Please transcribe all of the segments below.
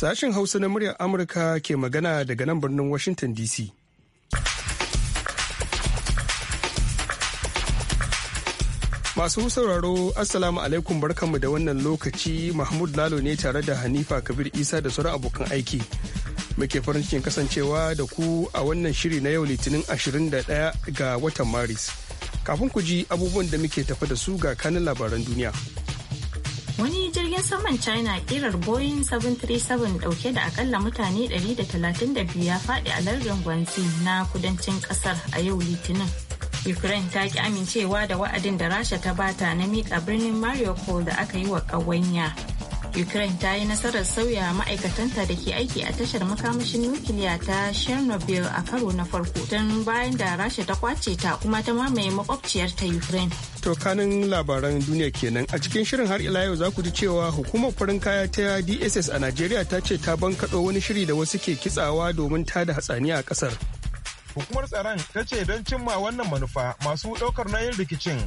Sashen Hausa na muryar Amurka ke magana daga nan birnin Washington DC. Masu sauraro Assalamu alaikum barkanmu da wannan lokaci Mahmud Lalo ne tare da Hanifa Kabir Isa da sauran abokan aiki. Muke farin cikin kasancewa da ku a wannan shiri na yau Litinin 21 ga watan Maris. Kafin ku ji abubuwan da muke tafi da su ga kanin labaran duniya. wani jirgin saman china kirar boeing 737 dauke da akalla mutane 132 ya faɗi a lardin gwanzi na kudancin kasar a yau litinin ukraine ta ki amincewa da wa'adin da rasha ta bata na miƙa birnin mariupol da aka yi wa ƙawanya Ukraine ta yi nasarar sauya ma'aikatanta da ke aiki a tashar makamashin nukiliya ta Chernobyl a karo na farko don bayan da Rasha ta kwace ta kuma ta mamaye makwabciyar ta Ukraine. To kanin labaran duniya kenan a cikin shirin har ila yau za ku ji cewa hukumar farin kaya ta DSS a Najeriya ta ce ta bankaɗo wani shiri da wasu ke kitsawa domin ta da hatsaniya a ƙasar. Hukumar tsaron ta ce don cimma wannan manufa masu ɗaukar nayin rikicin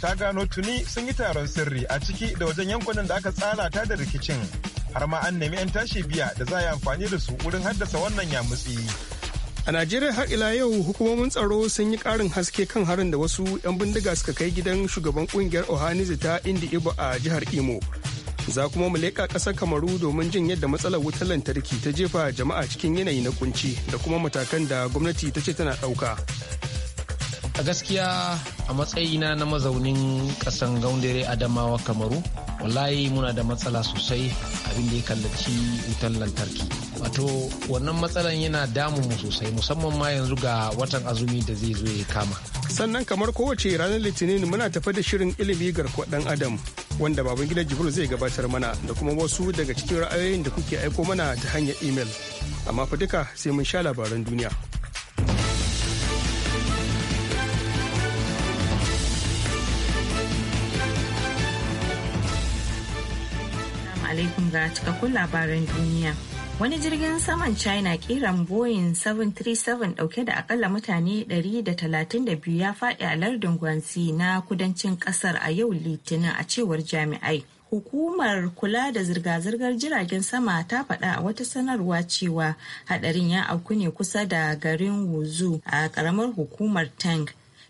ta gano tuni sun yi taron sirri a ciki da wajen yankunan da aka tsara ta da rikicin har ma an nemi 'yan tashi biya da za a yi amfani da su wurin haddasa wannan yamutsi. A Najeriya har ila yau hukumomin tsaro sun yi karin haske kan harin da wasu 'yan bindiga suka kai gidan shugaban kungiyar ohanizi ta Indi Ibo a jihar Imo. Za kuma mu leƙa ƙasar Kamaru domin jin yadda matsalar wutar lantarki ta jefa jama'a cikin yanayi na kunci da kuma matakan da gwamnati ta ce tana ɗauka. a gaskiya a matsayina na mazaunin kasan gaundare adamawa kamaru wallahi muna da matsala sosai abin da ya kallaci wutan lantarki wato wannan matsalan yana damu mu sosai musamman ma yanzu ga watan azumi da zai zo ya kama sannan kamar kowace ranar litinin muna tafa da shirin ilimi garkuwa dan adam wanda baban gida jibril zai gabatar mana da kuma wasu daga cikin ra'ayoyin da kuke aiko mana ta hanyar imel amma fa duka sai mun sha labaran duniya alaikum ga cikakkun labaran duniya. Wani jirgin saman China kiran Boeing 737 dauke da akalla mutane 132 ya faɗi a lardin Guangxi na kudancin kasar a yau Litinin a cewar jami'ai. Hukumar kula da zirga-zirgar jiragen sama ta faɗa a wata sanarwa cewa hadarin ya auku ne kusa da garin Wuzu a ƙaramar hukumar Tang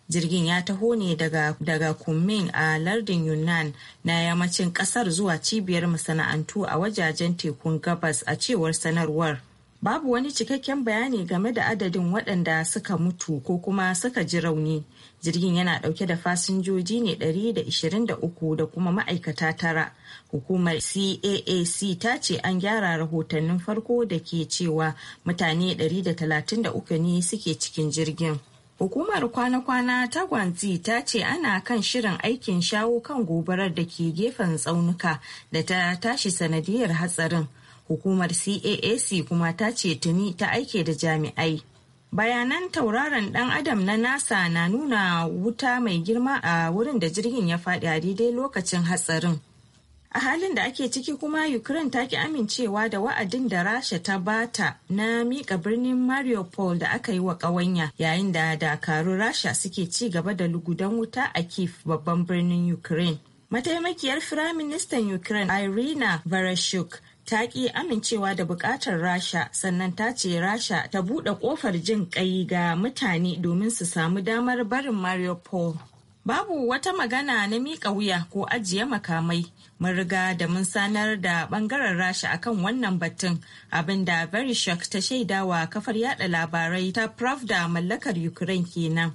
jirgin ya taho ne daga, daga kunmin a lardin yunnan na yammacin kasar zuwa cibiyar masana'antu a wajajen tekun gabas a cewar sanarwar babu wani cikakken bayani game da adadin waɗanda suka mutu ko kuma suka ji rauni jirgin yana ɗauke da fasinjoji ne 123 da kuma ma'aikata tara hukumar caac ta ce an gyara rahotannin farko da ke cewa mutane 133 ne suke cikin jirgin Hukumar kwana-kwana ta Gwanzi ta ce ana kan shirin aikin shawo kan gobarar da ke gefen tsaunuka da ta tashi sanadiyar hatsarin. Hukumar CAAC kuma ta ce tuni ta aike da jami'ai. Bayanan tauraron ɗan adam na NASA na nuna wuta mai girma a wurin da jirgin ya faɗi a daidai lokacin hatsarin. a halin da ake ciki kuma ukraine ta ki amincewa da wa'adin da rasha ta bata na mika birnin mariupol da aka yi wa ƙawanya yayin da dakaru rasha suke ci gaba da lugudan wuta a kif babban birnin ukraine mataimakiyar firaministan ukraine irina vereshchuk ta ki amincewa da buƙatar rasha sannan ta ce rasha ta buɗe ƙofar jin ƙai ga mutane domin su samu damar barin mariupol babu wata magana na miƙa wuya ko ajiye makamai mun riga da mun sanar da bangaren rasha akan wannan batun abinda verishak ta shaidawa kafar yada labarai ta pravda mallakar ukraine kenan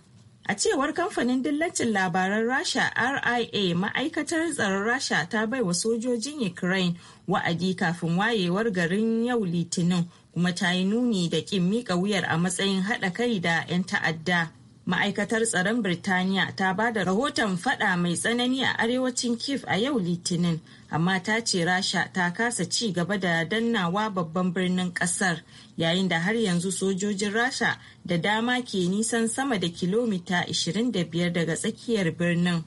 a cewar kamfanin dillacin labaran rasha ria ma'aikatar tsaron rasha ta bai wa sojojin ukraine wa'adi kafin wayewar garin yau litinin kuma ta yi nuni da kin miƙa wuyar a matsayin haɗa kai da 'yan ta'adda ma'aikatar tsaron birtaniya ta ba da rahoton fada mai tsanani a arewacin Kif a yau litinin amma ta ce rasha ta kasa ci gaba da dannawa babban birnin kasar yayin da har yanzu sojojin rasha da dama ke nisan sama da kilomita 25 daga tsakiyar birnin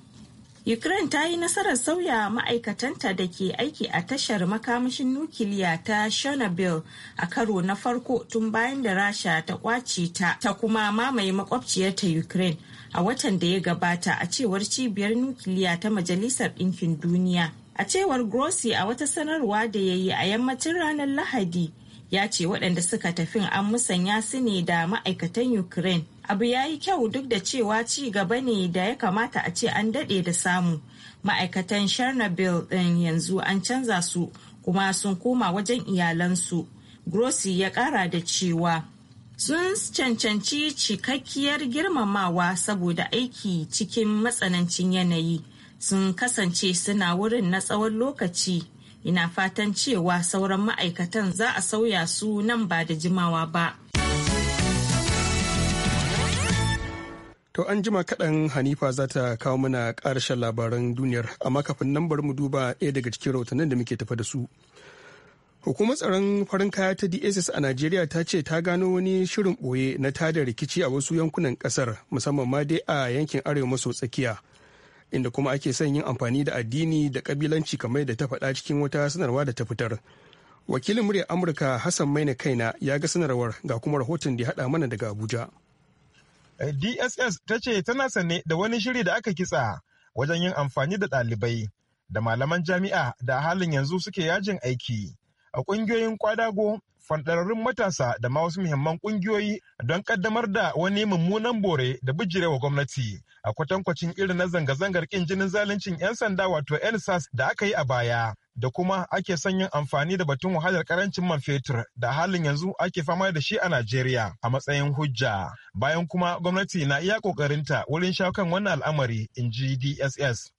Ukraine ta yi nasarar sauya ma'aikatanta da ke aiki a tashar makamashin nukiliya ta Chernobyl a karo na farko tun bayan da Rasha ta kwace ta ta kuma mamaye makwabciyar ta Ukraine a watan da ya gabata a cewar cibiyar nukiliya ta Majalisar Ɗinkin Duniya. A cewar Grossi a wata sanarwa da ya yi a yammacin ranar Lahadi ya ce waɗanda suka tafin an musanya su ne da ma'aikatan Ukraine abu ya yi kyau duk da cewa ci gaba ne da ya kamata a ce an daɗe da samu ma'aikatan chernobyl ɗin yanzu an canza su kuma sun koma wajen iyalansu grossi ya ƙara da cewa sun cancanci cikakkiyar girmamawa saboda aiki cikin matsanancin yanayi sun kasance suna wurin na tsawon lokaci ina fatan cewa sauran ma'aikatan za a sauya su nan ba da jimawa ba To an jima kaɗan Hanifa za ta kawo mana ƙarshen labaran duniyar, amma kafin nan bari mu duba ɗaya daga cikin rahotannin da muke tafa da su. Hukumar tsaron farin kaya ta DSS a Najeriya ta ce ta gano wani shirin ɓoye na tada rikici a wasu yankunan ƙasar musamman ma dai a yankin arewa maso tsakiya. Inda kuma ake son yin amfani da addini da ƙabilanci kamar da ta faɗa cikin wata sanarwa da ta fitar. Wakilin muryar Amurka Hassan Maina Kaina ya ga sanarwar ga kuma rahoton da ya haɗa mana daga Abuja. Eh, dss ta ce tana sane da wani shiri da aka kitsa wajen yin amfani da ɗalibai da malaman jami'a da halin yanzu suke yajin aiki a ƙungiyoyin kwadago fanɗararrun matasa da ma wasu muhimman ƙungiyoyi don ƙaddamar da wani mummunan bore da bijirewa gwamnati a kwatankwacin irin na zanga-zangar ƙin jinin zaluncin 'yan sanda wato nsas da aka yi a baya da kuma ake son yin amfani da batun wahalar karancin man fetur da halin yanzu ake fama da shi a Najeriya a matsayin hujja. Bayan kuma gwamnati na iya kokarinta wurin shawo kan wannan al'amari in ji DSS.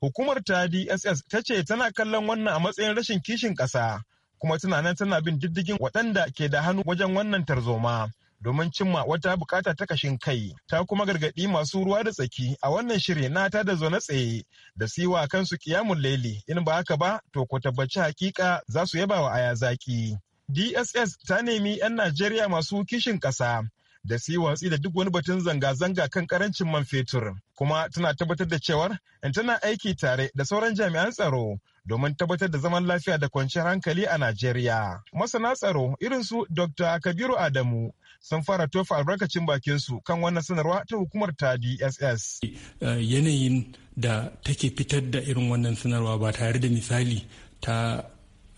Hukumar ta DSS ta ce tana kallon wannan a matsayin rashin kishin ƙasa kuma tana nan tana bin diddigin waɗanda ke da hannu wajen wannan tarzoma. domin cimma wata bukata ta kashin kai ta kuma gargaɗi masu ruwa da tsaki a wannan shirin nata ta da zaune tsaye da siwa kansu kiyamun laili in ba haka ba to ku tabbaci hakika za su yaba wa aya zaki. DSS ta nemi 'yan Najeriya masu kishin ƙasa da su watsi da duk wani batun zanga-zanga kan karancin man fetur kuma tana tabbatar da cewar tana aiki tare da sauran jami'an tsaro domin tabbatar da zaman lafiya da kwanciyar hankali a Najeriya. Masana tsaro irin su Dr. Kabiru Adamu sun fara tofa albarkacin bakin su kan wannan sanarwa ta hukumar ta DSS. Eh, yanayin da take fitar da irin wannan sanarwa ba tare da misali ta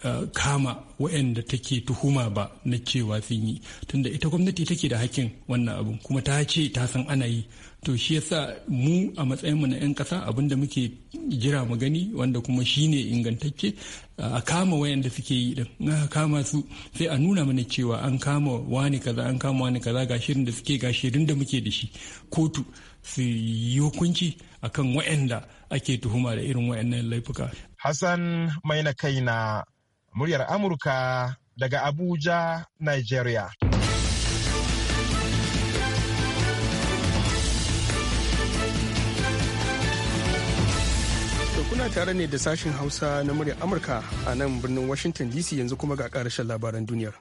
Eh, kama waɗanda take tuhuma ba na cewa sun yi tunda ita gwamnati take da hakkin wannan abun kuma ta ce ta san ana yi to shi yasa mu a matsayin mu na 'yan ƙasa abin da muke jira mu gani wanda kuma shine ingantacce eh, a kama wayanda suke yi din na kama su sai a nuna mana cewa an kama wani kaza an kama wani kaza ga shirin da suke ga shirin da muke da shi kotu su yi hukunci akan wayanda ake tuhuma da irin wayannan laifuka Hassan mai na kaina Muryar Amurka daga Abuja, Nigeria. kuna tare ne da sashen Hausa na muryar Amurka a nan birnin Washington DC yanzu kuma ga karashen labaran duniyar.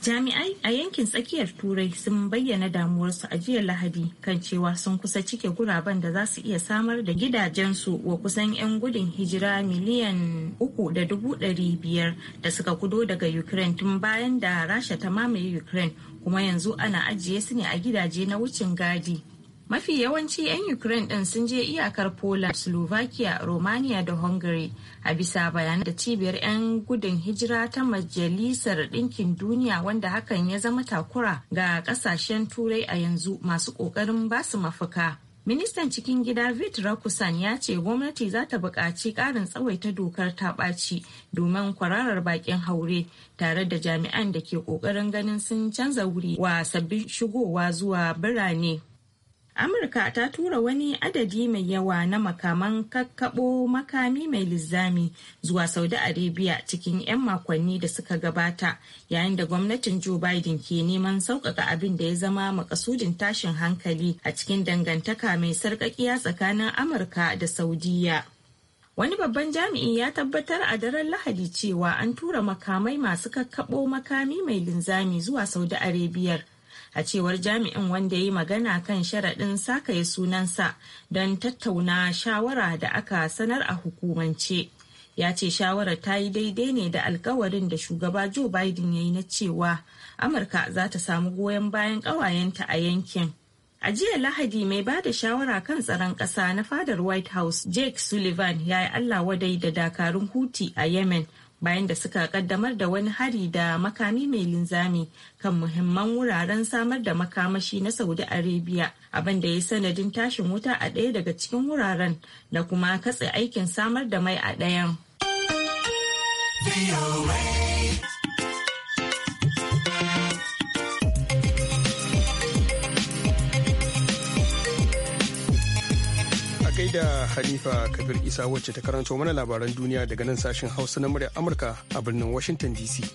Jami'ai a yankin tsakiyar Turai sun bayyana damuwarsu a jiya Lahadi kan cewa sun kusa cike guraben da za su iya samar da gidajensu wa kusan 'yan gudun hijira miliyan uku da dubu ɗari biyar da suka kudo daga Ukraine tun bayan da Rasha ta mamaye Ukraine kuma yanzu ana ajiye su ne a gidaje na wucin gadi mafi yawanci 'yan ukraine ɗin sun je iyakar poland slovakia romania da hungary a bisa bayanan da cibiyar 'yan gudun hijira ta majalisar ɗinkin duniya wanda hakan ya zama takura ga ƙasashen turai a yanzu masu ƙoƙarin basu mafuka. ministan cikin gida vit rakusan ya ce gwamnati za ta buƙaci ƙarin tsawaita dokar ta ɓaci domin kwararar baƙin haure tare da jami'an da ke ƙoƙarin ganin sun canza wuri wa sabbin shigowa zuwa birane amurka ta tura wani adadi mai yawa na makaman kakkaɓo makami mai linzami zuwa saudi arabia cikin 'yan makonni da suka gabata yayin da gwamnatin joe biden ke neman sauƙaƙa abin da ya zama makasudin tashin hankali a cikin dangantaka mai sarƙaƙiya tsakanin amurka da saudiya wani babban jami'i ya tabbatar a daren lahadi cewa an tura makamai masu kakkaɓo makami mai linzami zuwa saudi arabiyar a cewar jami'in wanda ya yi magana kan sharaɗin sakaye sunansa don tattauna shawara da aka sanar a hukumance ya ce shawarar ta yi daidai ne da alkawarin da shugaba joe biden ya yi na cewa amurka za ta samu goyon bayan ƙawayenta a yankin A jiya Lahadi mai ba da shawara kan tsaron ƙasa na fadar White House Jake Sullivan ya yi Allah wadai da dakarun huti a Yemen bayan da suka kaddamar da wani hari da makami mai linzami kan muhimman wuraren samar da makamashi na saudi arabia abin da ya sanadin tashin wuta a ɗaya daga cikin wuraren da kuma katse aikin samar da mai a ɗayan. da Hanifa Kabir Isa wacce ta karanto mana labaran duniya daga nan sashen Hausa na murya Amurka a birnin Washington DC.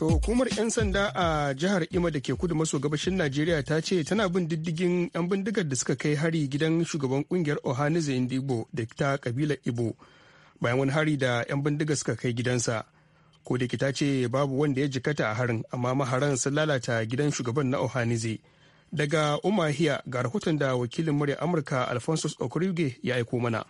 To hukumar 'yan sanda a jihar Ima da ke kudu maso gabashin Najeriya ta ce tana bin diddigin 'yan bindigar da suka kai hari gidan shugaban kungiyar Ohanize Ndigbo da ta kabilar Ibo bayan wani hari da 'yan bindiga suka kai gidansa. ko da ta ce babu wanda ya jikata a harin amma maharan sun lalata gidan shugaban na ohanize daga umahiya ga rahoton da wakilin murya amurka alphonsus okurige ya aiko mana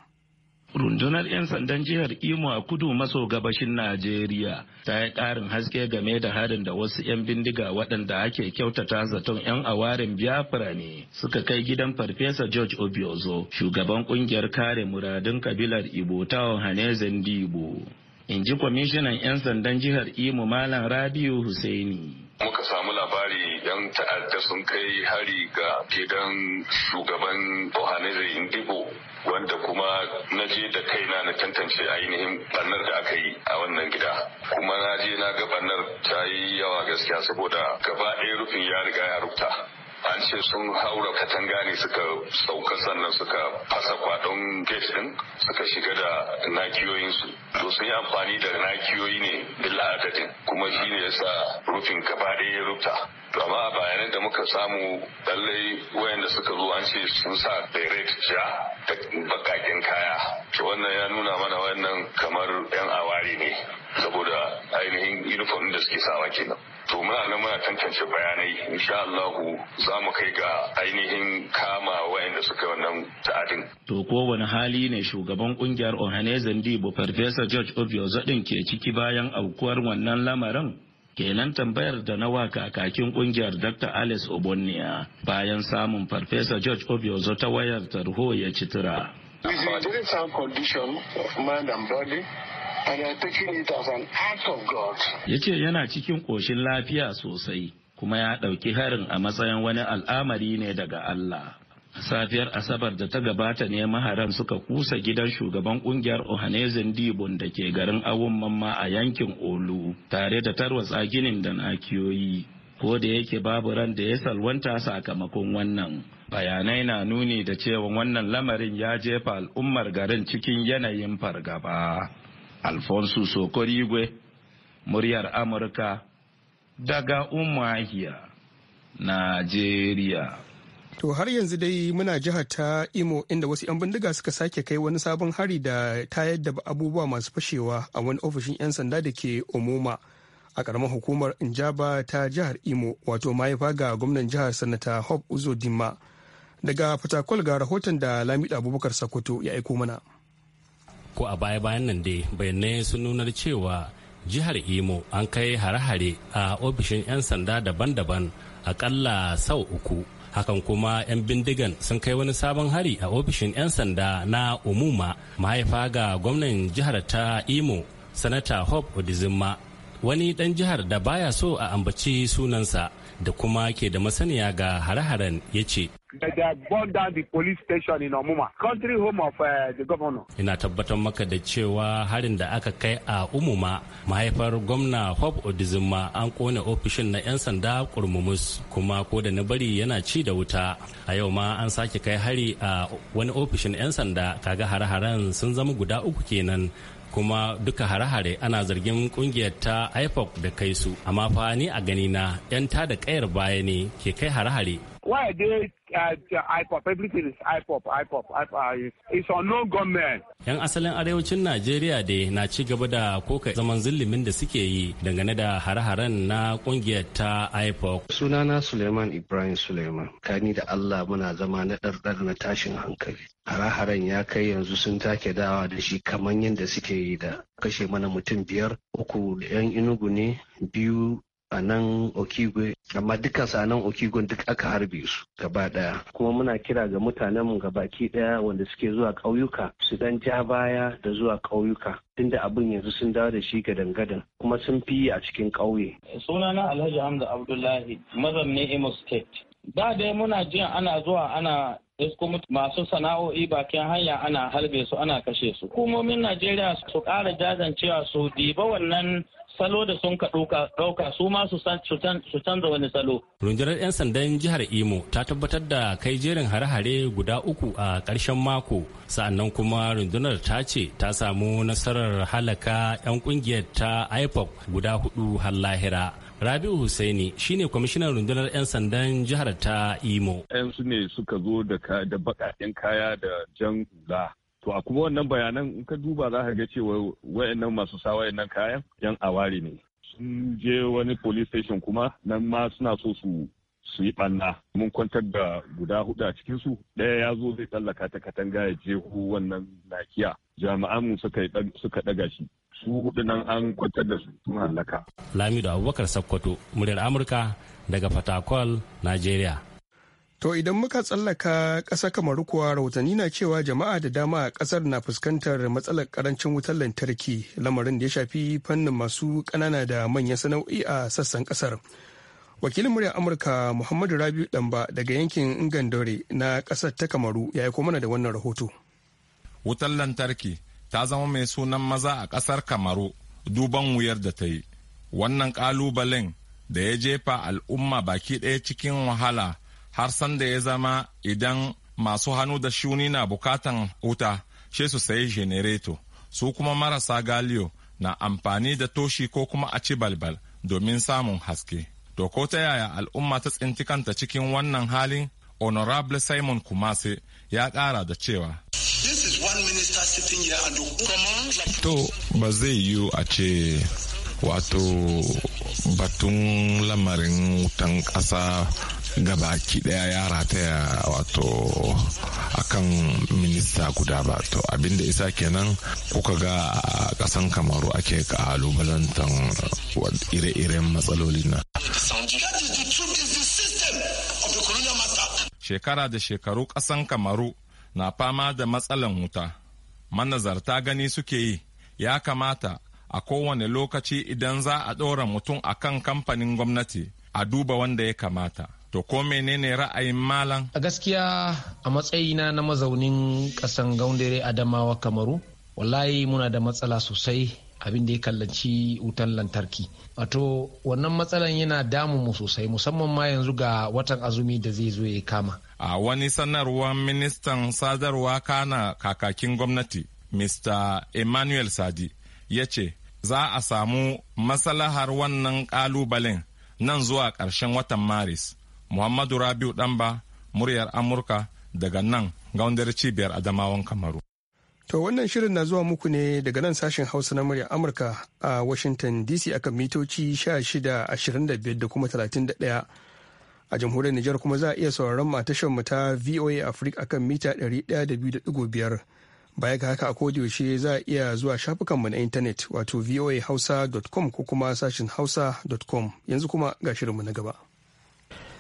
rundunar 'yan sandan jihar imo a kudu maso gabashin najeriya ta yi ƙarin haske game da harin da wasu 'yan bindiga waɗanda ake kyautata zaton 'yan awarin biafra ne suka kai gidan farfesa george obiozo shugaban kungiyar kare muradun kabilar ibo ta haneze dibo in ji kwamishinan 'yan sandan jihar imo malam rabiu husaini muka samu labari yan ta'adda sun kai hari ga gidan shugaban ohaneze indigo wanda kuma na je da kaina na tantance ainihin bannar da aka yi a wannan gida kuma na je na ga bannar ta yi yawa gaskiya saboda gaba ɗaya rufin ya riga ya rukta. an ce sun haura katanga ne suka sauka sannan suka fasa kwadon gate din suka shiga da nakiyoyinsu to sun yi amfani da nakiyoyi ne billa adadin kuma shi ne yasa rufin gaba ɗaya ya rufta amma a bayanan da muka samu lallai wayanda suka zo an ce sun sa direct ja da bakakin kaya to wannan ya nuna mana wannan kamar yan awari ne saboda ainihin uniform da suke sawa kenan muna nan muna tantance bayanai insha Allahu za mu kai ga ainihin kama wayanda suka wannan ta'adin. To kowane hali ne shugaban kungiyar Ohanezen Dibo Farfesa George Obiozo din ke ciki bayan aukuwar wannan lamarin? kenan tambayar da na wa kakakin kungiyar Dr. Alice Obonnia bayan samun Farfesa George Obiozo ta wayar tarho ya citira. tura. of mind and body, Uh, Yace yana cikin ƙoshin lafiya sosai kuma ya ɗauki harin a matsayin wani al'amari ne daga Allah. Safiyar Asabar da ta gabata ne maharan suka kusa gidan shugaban kungiyar Ohanezen Dibon da ke garin awon mamma a yankin Olu tare da tarwatsa ginin da nakiyoyi. ko da yake babu ran da ya salwanta sakamakon wannan bayanai na nuni da cewa wannan lamarin ya jefa al'ummar garin cikin yanayin fargaba alfonso sokorigwe muryar amurka daga umahiya najeriya To har yanzu dai muna jihar ta Imo inda wasu 'yan bindiga suka sake kai wani sabon hari da tayar da abubuwa masu fashewa a wani ofishin 'yan sanda da ke Omoma a karamar hukumar Injaba ta jihar Imo wato mahaifa ga gwamnan jihar Sanata Hope uzodima Daga Fatakwal ga rahoton da Lamida Abubakar Sokoto ya aiko mana. ko a baya-bayan nan dai bayanai sun nuna cewa jihar imo an kai hare-hare a ofishin 'yan sanda daban-daban akalla sau uku hakan kuma 'yan bindigan sun kai wani sabon hari a ofishin 'yan sanda na umuma mahaifa ga gwamnan jihar ta imo sanata hope odizimma wani dan jihar da baya so a ambaci sunansa da kuma ke da masaniya ga hare-haren ya ce uh, Ina tabbatar maka da cewa harin da aka kai a Umuma mahaifar gwamna Hope Odizuma an kone ofishin na 'yan sanda kurmumus kuma ko da na bari yana ci da wuta. A yau ma an sake kai hari a wani ofishin 'yan sanda kaga hare-haren sun zama guda uku kenan kuma duka hare-hare ana zargin kungiyar ta ipop da kai su amma fa ni a gani na 'yan ta da kayar baya ne ke kai hare-hare Why are they uh, uh IPOP? Everything is IPOP, IPOP, IPOP. It's no government. Yan asalin arewacin Najeriya dai na ci gaba da koka zaman zillimin da suke yi dangane da hare-haren na kungiyar ta IPOP. Sunana Suleiman Ibrahim Suleiman. Kani da Allah muna zama na ɗarɗar na tashin hankali. Hare-haren ya kai yanzu sun take dawa da shi kamar yadda suke yi da kashe mana mutum biyar uku da yan inugu ne biyu a nan okigwe amma dukansu a nan okigwe duk aka harbe su gaba daya kuma muna kira ga mutanenmu baki daya wanda suke zuwa ƙauyuka su dan ja baya da zuwa ƙauyuka tunda abin yanzu sun dawo da shi gadan-gadan kuma sun fi a cikin ƙauye. sunana alhaji hamza abdullahi mazan ne imo state da dai muna jin ana zuwa ana kuma masu sana'o'i bakin hanya ana halbe su ana kashe su hukumomin najeriya su ƙara jazancewa su diba wannan salo da sun ka ɗauka su ma su canza wani salo. Rundunar 'yan sandan jihar Imo ta tabbatar da kai jerin hare-hare guda uku a ƙarshen mako sa'annan kuma rundunar ta ce ta samu nasarar halaka 'yan ƙungiyar ta IPOP guda hudu har lahira. Rabi'u Husaini shine kwamishinan rundunar 'yan sandan jihar ta Imo. 'Yan su ne suka zo da baƙaƙen kaya da jan hula. To a kuma wannan bayanan in ka duba za ka ga cewa wayannan masu sa wayannan kayan 'yan awari ne. Sun je wani police station kuma nan ma suna so su su yi banna Mun kwantar da guda hudu a cikinsu ɗaya ya zo zai tsallaka ta katanga ya jeho wannan nakiya. Jami'an mu suka ɗaga shi. su hudu nan an kwantar da su sun halaka. Lamido Abubakar Sakkwato, muryar Amurka daga Fatakwal, Najeriya. To idan muka tsallaka ƙasa kamar kuwa rahotanni na cewa jama'a da dama a ƙasar na fuskantar matsalar ƙarancin wutar lantarki lamarin da ya shafi fannin masu ƙanana da manyan sana'o'i a sassan ƙasar. Wakilin muryar Amurka Muhammadu Rabiu Ɗanba daga yankin Ingandore na ƙasar ta Kamaru ya yi mana da wannan rahoto. Wutar lantarki ta zama mai sunan maza a ƙasar kamaru duban wuyar da ta yi wannan ƙalubalen da ya jefa al'umma baki ɗaya cikin wahala har sanda ya zama idan masu hannu da shuni na bukatan wuta she su sayi jenereto su kuma marasa galiyo na amfani da toshi ko kuma a ci balbal domin samun haske to ko ta yaya al'umma ta tsinci kanta cikin wannan halin honorable simon kumase ya ƙara da cewa To ba zai yiwu a ce wato batun lamarin wutan ƙasa gabaki daya ya rataya wato akan minista guda ba to abinda isa kenan kuka ga a kasan kamaru ake kalubalantan ire-iren matsaloli na shekara da shekaru kasan kamaru na fama da matsalan wuta manazarta gani suke yi ya kamata a kowane lokaci idan za a ɗora mutum a kan kamfanin gwamnati a duba wanda ya kamata. To ko menene ra'ayin malam? A gaskiya a matsayina na mazaunin ƙasan gaundare Adamawa Kamaru, wallahi muna da matsala sosai abin da ya kallaci wutan lantarki wato wannan matsalan yana damu mu sosai musamman ma yanzu ga watan azumi da zai zo ya kama a wani sanarwar ministan sadarwa kana kakakin gwamnati mr emmanuel sadi ya ce za a samu masalahar wannan kalubalen nan zuwa ƙarshen watan maris muhammadu rabiu damba muryar amurka daga nan gaundar cibiyar adamawan kamaru To wannan shirin na zuwa muku ne daga nan sashen Hausa na murya Amurka a Washington DC akan mitoci 1625 da kuma 31. A jamhuriyar Nijar kuma za a iya sauraron ma tashar mu ta VOA Africa akan mita 102.5. Baya ga haka a yaushe za a iya zuwa shafukan mu na intanet wato voahausa.com ko kuma sashen hausa.com. Yanzu kuma ga mu na gaba.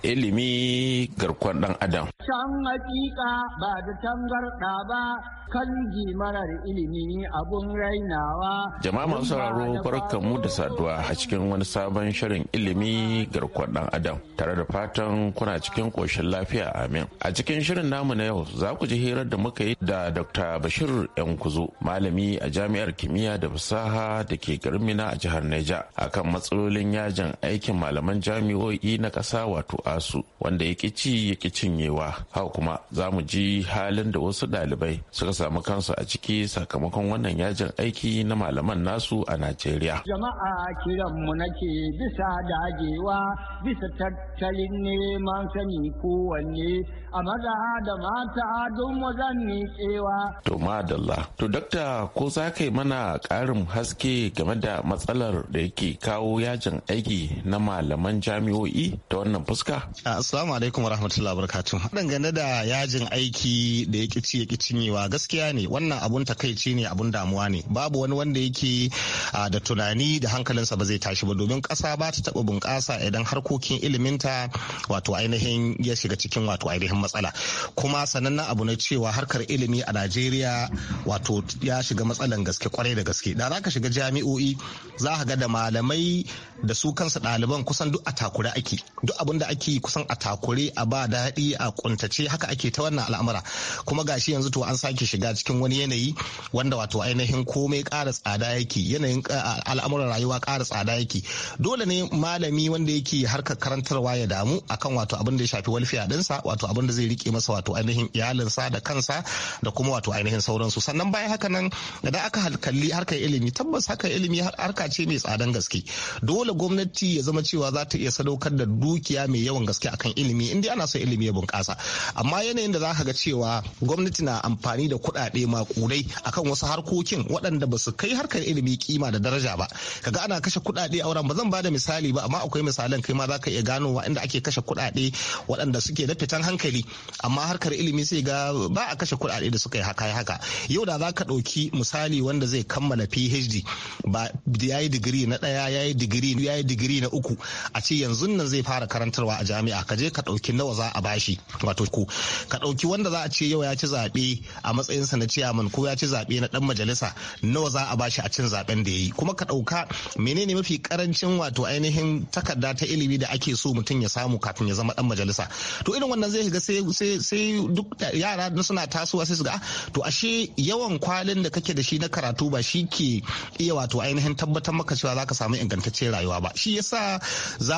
Ilimi garkon dan Adam. Shan hakika ba da tangarɗa ba Kan mana da ilimi abun rainawa. Jama'a masu sauraro barkan mu da saduwa a cikin wani sabon shirin ilimi garkuwar dan adam tare da fatan kuna cikin koshin lafiya amin. A cikin shirin namu na yau za ku ji hirar da muka yi da Dr. Bashir Yankuzo malami a jami'ar kimiyya da fasaha da ke garin Mina a jihar Neja akan matsalolin yajin aikin malaman jami'o'i na ƙasa wato ASU wanda ya ci ya cinyewa. Hau kuma za mu ji halin da wasu ɗalibai suka samu kansu a ciki sakamakon wannan yajin aiki na malaman nasu a Najeriya. Jama'a kiranmu nake bisa dajewa, bisa tattalin neman sani kowanne a maza da mata don wazan tsewa. To madalla. To dakta ko za ka yi mana ƙarin haske game da matsalar da yake kawo yajin aiki na malaman jami'o'i ta wannan fuska? Assalamu alaikum wa wabarakatuh. Dangane da yajin aiki da ya ƙi ci ya ƙi cinyewa gaskiya ne wannan abun takaici ne abun damuwa ne babu wani wanda yake da tunani da hankalinsa ba zai tashi ba domin kasa ba ta taba bunƙasa idan harkokin iliminta wato ainihin ya shiga cikin wato ainihin matsala kuma sanannen abu na cewa harkar ilimi a najeriya wato ya shiga matsalan gaske kwarai da gaske da za ka shiga jami'o'i za ka ga da malamai da su kansa ɗaliban kusan duk a takure ake duk abin da ake kusan a takure a ba daɗi a kuntace haka ake ta wannan al'amura kuma gashi yanzu to an sake shiga cikin wani yanayi wanda wato ainihin komai ƙara tsada yake yanayin al'amuran rayuwa ƙara tsada yake dole ne malami wanda yake harkar karantarwa ya damu akan wato abin da ya shafi walfiya ɗinsa wato abin da zai rike masa wato ainihin iyalinsa da kansa da kuma wato ainihin sauransu sannan bayan haka nan idan aka halkalli harkar ilimi tabbas harkar ilimi harka ce mai tsadan gaske dole gwamnati ya zama cewa za ta iya sadaukar da dukiya mai yawan gaske akan ilimi in ana son ilimi ya bunƙasa amma yanayin da za ka ga cewa gwamnati na amfani da kuɗaɗe makulai akan wasu harkokin waɗanda ba su kai harkar ilimi kima da daraja ba kaga ana kashe kuɗaɗe a wurin ba zan bada misali ba amma akwai misalan kai ma za ka iya wa inda ake kashe kuɗaɗe waɗanda suke na fitan hankali amma harkar ilimi sai ga ba a kashe kuɗaɗe da suka yi haka haka yau da za ka ɗauki misali wanda zai kammala phd ba ya yi digiri na ɗaya ya yi digiri ya yi digiri na uku a ce yanzu nan zai fara karantarwa a jami'a ka je ka ɗauki nawa za a bashi wato ko ka ɗauki wanda za a ce yau ya ci zaɓe a matsayin matsayinsa na ciyaman ko ya ci zaɓe na ɗan majalisa nawa za a ba shi a cin zaɓen da ya yi kuma ka ɗauka menene mafi karancin wato ainihin takarda ta ilimi da ake so mutum ya samu kafin ya zama ɗan majalisa to irin wannan zai shiga sai duk yara suna tasowa sai su ga ah, to ashe yawan kwalin da kake da shi na karatu ba shi ke iya wato ainihin tabbatar maka cewa za ka samu ingantaccen rayuwa ba shi yasa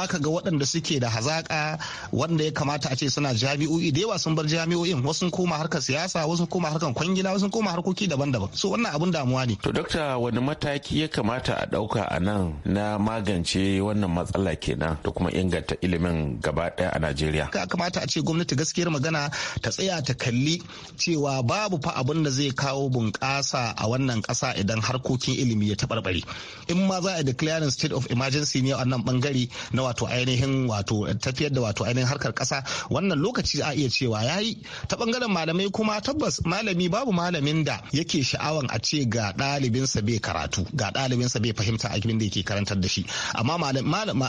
ka ga waɗanda suke da hazaka wanda ya kamata a ce suna jami'o'i da yawa sun bar jami'o'in wasu koma harkar siyasa wasu koma harkar ingila sun koma harkoki daban-daban so wannan abun damuwa ne to dokta wani mataki ya kamata a dauka a nan na magance wannan matsala kenan da kuma inganta ilimin gaba daya a najeriya ka kamata a ce gwamnati gaskiyar magana ta tsaya ta kalli cewa babu fa abin da zai kawo bunƙasa a wannan ƙasa idan harkokin ilimi ya taɓarɓare in ma za a declaring state of emergency ne a wannan bangare na wato ainihin wato tafiyar da wato ainihin harkar ƙasa wannan lokaci a iya cewa yayi ta bangaren malamai kuma tabbas malami ba babu malamin da yake sha'awan a ce ga ɗalibinsa bai karatu ga ɗalibinsa bai fahimta abin da yake karantar da shi amma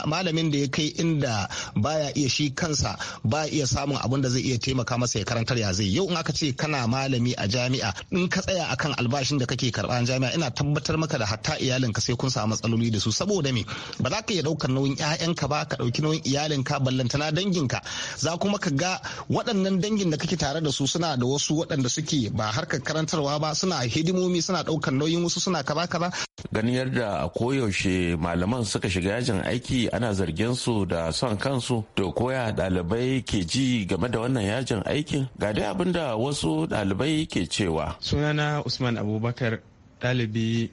malamin da ya kai inda baya iya shi kansa ba iya samun abin da zai iya taimaka masa ya karantar ya zai yau in aka ce kana malami a jami'a in ka tsaya akan albashin da kake karɓa jami'a ina tabbatar maka da hatta iyalinka sai kun samu matsaloli da su saboda me ba za ka iya ɗaukar nauyin 'ya'yanka ba ka ɗauki nauyin iyalinka ballantana danginka za kuma ka ga waɗannan dangin da kake tare da su suna da wasu waɗanda suke ba harkar karantarwa ba suna hidimomi suna ɗaukar nauyin wasu suna kaza kaza ganin yadda a koyaushe malaman suka shiga yajin aiki ana zargin su da son kansu to koya ɗalibai ke ji game da wannan yajin aikin ga dai abin da wasu ɗalibai ke cewa sunana usman abubakar ɗalibi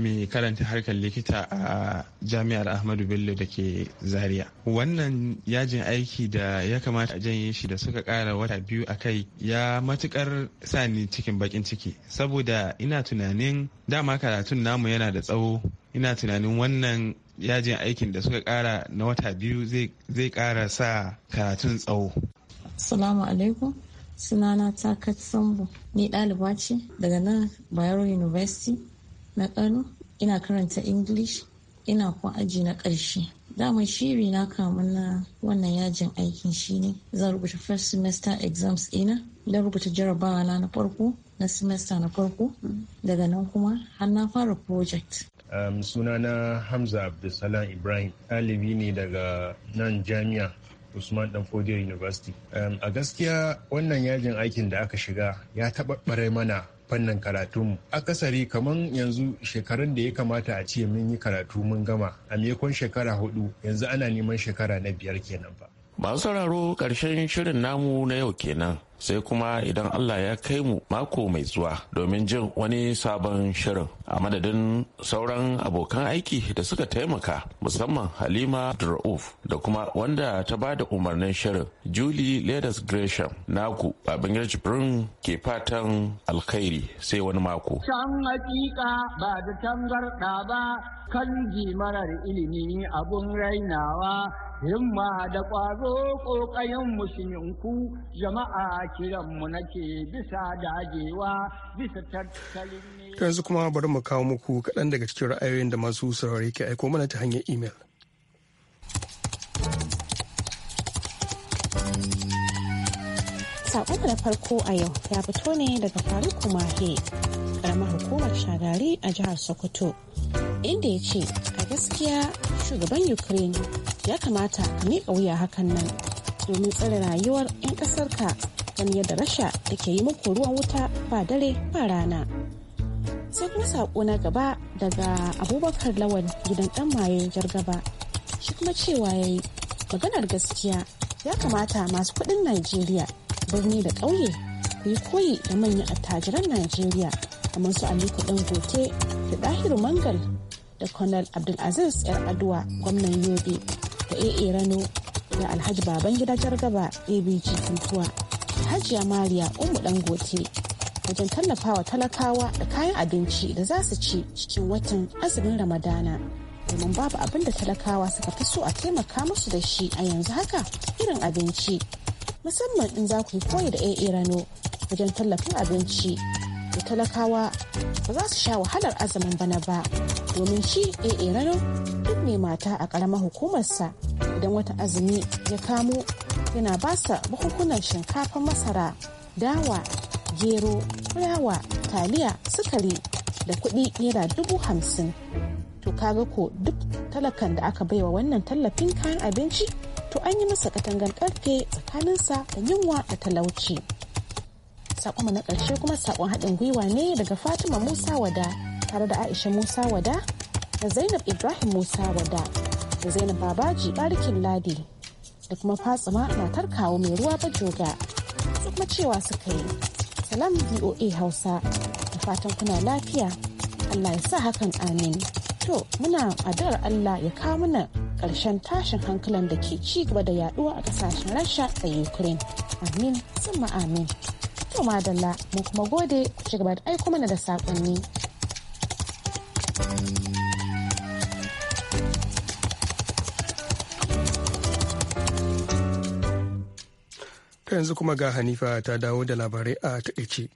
mai karanta harkar likita a jami'ar ahmadu bello da ke zaria wannan yajin aiki da ya kamata a janye shi da suka kara wata biyu a kai ya matukar sani cikin bakin ciki saboda ina tunanin dama karatun namu yana da tsawo ina tunanin wannan yajin aikin da suka kara na wata biyu zai kara sa karatun tsawo Salamu alaikum. Sunana ta Katsambu. Ni ɗaliba ce daga nan Bayero University na kano ina karanta english ina kuwa aji na ƙarshe daman shiri na kamun na wannan yajin aikin shine zan rubuta first semester exams ina don rubuta jarabawa na na farko na semester na farko daga nan kuma har na fara project um, na hamza abdulsalam ibrahim ɗalibi ne daga nan jami'a usman danfodiyo university a gaskiya wannan yajin aikin da aka shiga ya taɓaɓɓare mana fannin mu akasari kamar yanzu shekarun da ya kamata a ce mun yi karatu mun gama a maimakon shekara hudu yanzu ana neman shekara na biyar kenan ba masu sauraro karshen shirin namu na yau kenan sai kuma idan Allah ya kai mu mako mai zuwa domin jin wani sabon shirin a madadin sauran abokan aiki da suka taimaka musamman Halima Drauf da kuma wanda ta ba da umarnin shirin Julie Ledas Gresham naku babin Jibrin ke fatan alkhairi sai wani mako. Can hakika ba da tangar ba kan marar ilimi abun rainawa himma da ƙwazo ƙoƙayen musulminku jama'a kiranmu nake bisa dagewa bisa tattalin yanzu kuma bari mu kawo muku kaɗan daga cikin ra'ayoyin da masu saurari ke aiko mana ta hanyar imel. saƙon da farko a yau ya fito ne daga Faruk Mahe, karamar hukumar shagari a jihar Sokoto, inda ya ce a gaskiya shugaban Ukraine ya kamata ka miƙa wuya hakan nan domin tsare rayuwar 'yan ƙasarka wani yadda rasha take yi muku ruwan wuta ba dare ba rana sai kuma saƙo na gaba daga abubakar lawan gidan ɗan maye jargaba shi kuma cewa ya yi maganar gaskiya ya kamata masu kuɗin najeriya birni da ƙauye ku yi koyi da manyan attajiran najeriya kamar su aliko gote da ɗahiru mangal da colonel abdulaziz yar aduwa gwamnan yobe da aa rano da alhaji baban gida jargaba abg tuntuwa hajiya mariya umu dangote wajen tallafawa talakawa da kayan abinci da za su ci cikin watan azumin ramadana domin babu abin da talakawa suka fi so a taimaka musu da shi a yanzu haka irin abinci musamman in za ku yi koyi da AA irano wajen tallafin abinci da talakawa ba za su sha wahalar azumin bana ba domin shi AA irano duk mai mata a ƙaramar hukumarsa idan wata azumi ya kamo yana basa bukukunan shinkafa masara dawa gero fulawa taliya sukari da kuɗi naira dubu hamsin to kaga ko duk talakan da aka baiwa wannan tallafin kayan abinci to an yi masa katangan karfe tsakaninsa da yunwa da talauci sakonmu na ƙarshe kuma sakon haɗin gwiwa ne daga fatima musa wada tare da aisha musa wada da zainab ibrahim musa wada da zainab babaji barikin ladi da kuma fatsima matar kawo mai ruwa joga duk kuma cewa suka yi salam voa hausa da fatan kuna lafiya allah ya sa hakan amin to muna adar allah ya kawo mana ƙarshen tashin hankalin da ke ci gaba da yaduwa a kasashen rasha da ukraine amin summa amin to madalla mu kuma gode ku ci gaba da aiko mana da saƙonni. yanzu kuma ga Hanifa ta dawo da labarai a takaice.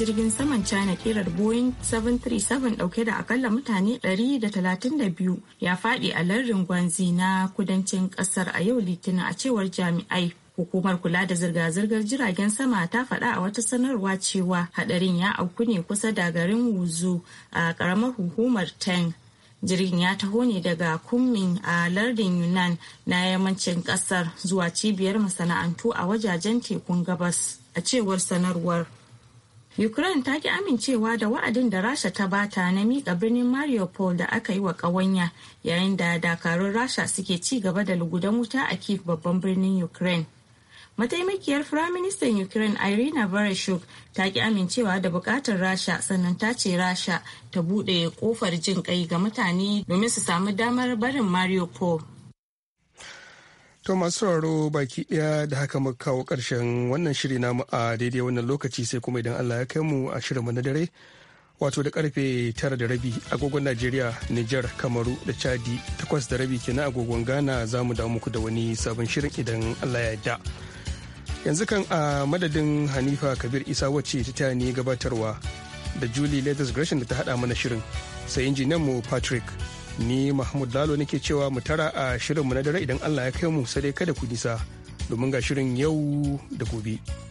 jirgin saman China kirar Boeing 737 dauke da akalla mutane 132 ya faɗi a lardin Gwanzi na kudancin ƙasar a yau Litinin a cewar jami'ai. Hukumar kula da zirga-zirgar jiragen sama ta faɗa a wata sanarwa cewa hadarin ya auku ne kusa da garin Wuzu a ƙaramar hukumar Tang. jirgin ya taho ne daga kunmin a lardin Yunnan na yammacin ƙasar zuwa cibiyar masana'antu a wajajen tekun gabas a cewar sanarwar Ukraine ta ki amincewa da wa'adin da Rasha ta bata na miƙa birnin Mariupol da aka yi wa ƙawanya yayin da dakarun Rasha suke ci gaba da lugudan wuta a Kiev babban birnin Ukraine. Mataimakiyar Firaministan Ukraine Irina Vereshchuk ta ki amincewa da buƙatar Rasha sannan ta ce Rasha ta buɗe ƙofar jin ƙai ga mutane domin su samu damar barin Mariupol. To masu sauraro baki ɗaya da haka muka kawo ƙarshen wannan shiri namu a daidai wannan lokaci sai kuma idan Allah ya kai mu a shirinmu na dare wato da karfe tara da rabi agogon Najeriya, Nijar, Kamaru da Chadi takwas da rabi kenan agogon Ghana za mu damu muku da wani sabon shirin idan Allah ya yarda. Yanzu kan a madadin Hanifa Kabir Isa wacce ta taya ni gabatarwa da Julie Leathers Gresham da ta haɗa mana shirin sai injiniyan mu Patrick ni mahmud lalo nake cewa mu tara a shirinmu na dare idan allah ya kai mu sai dai kada ku nisa domin ga shirin yau da gobe.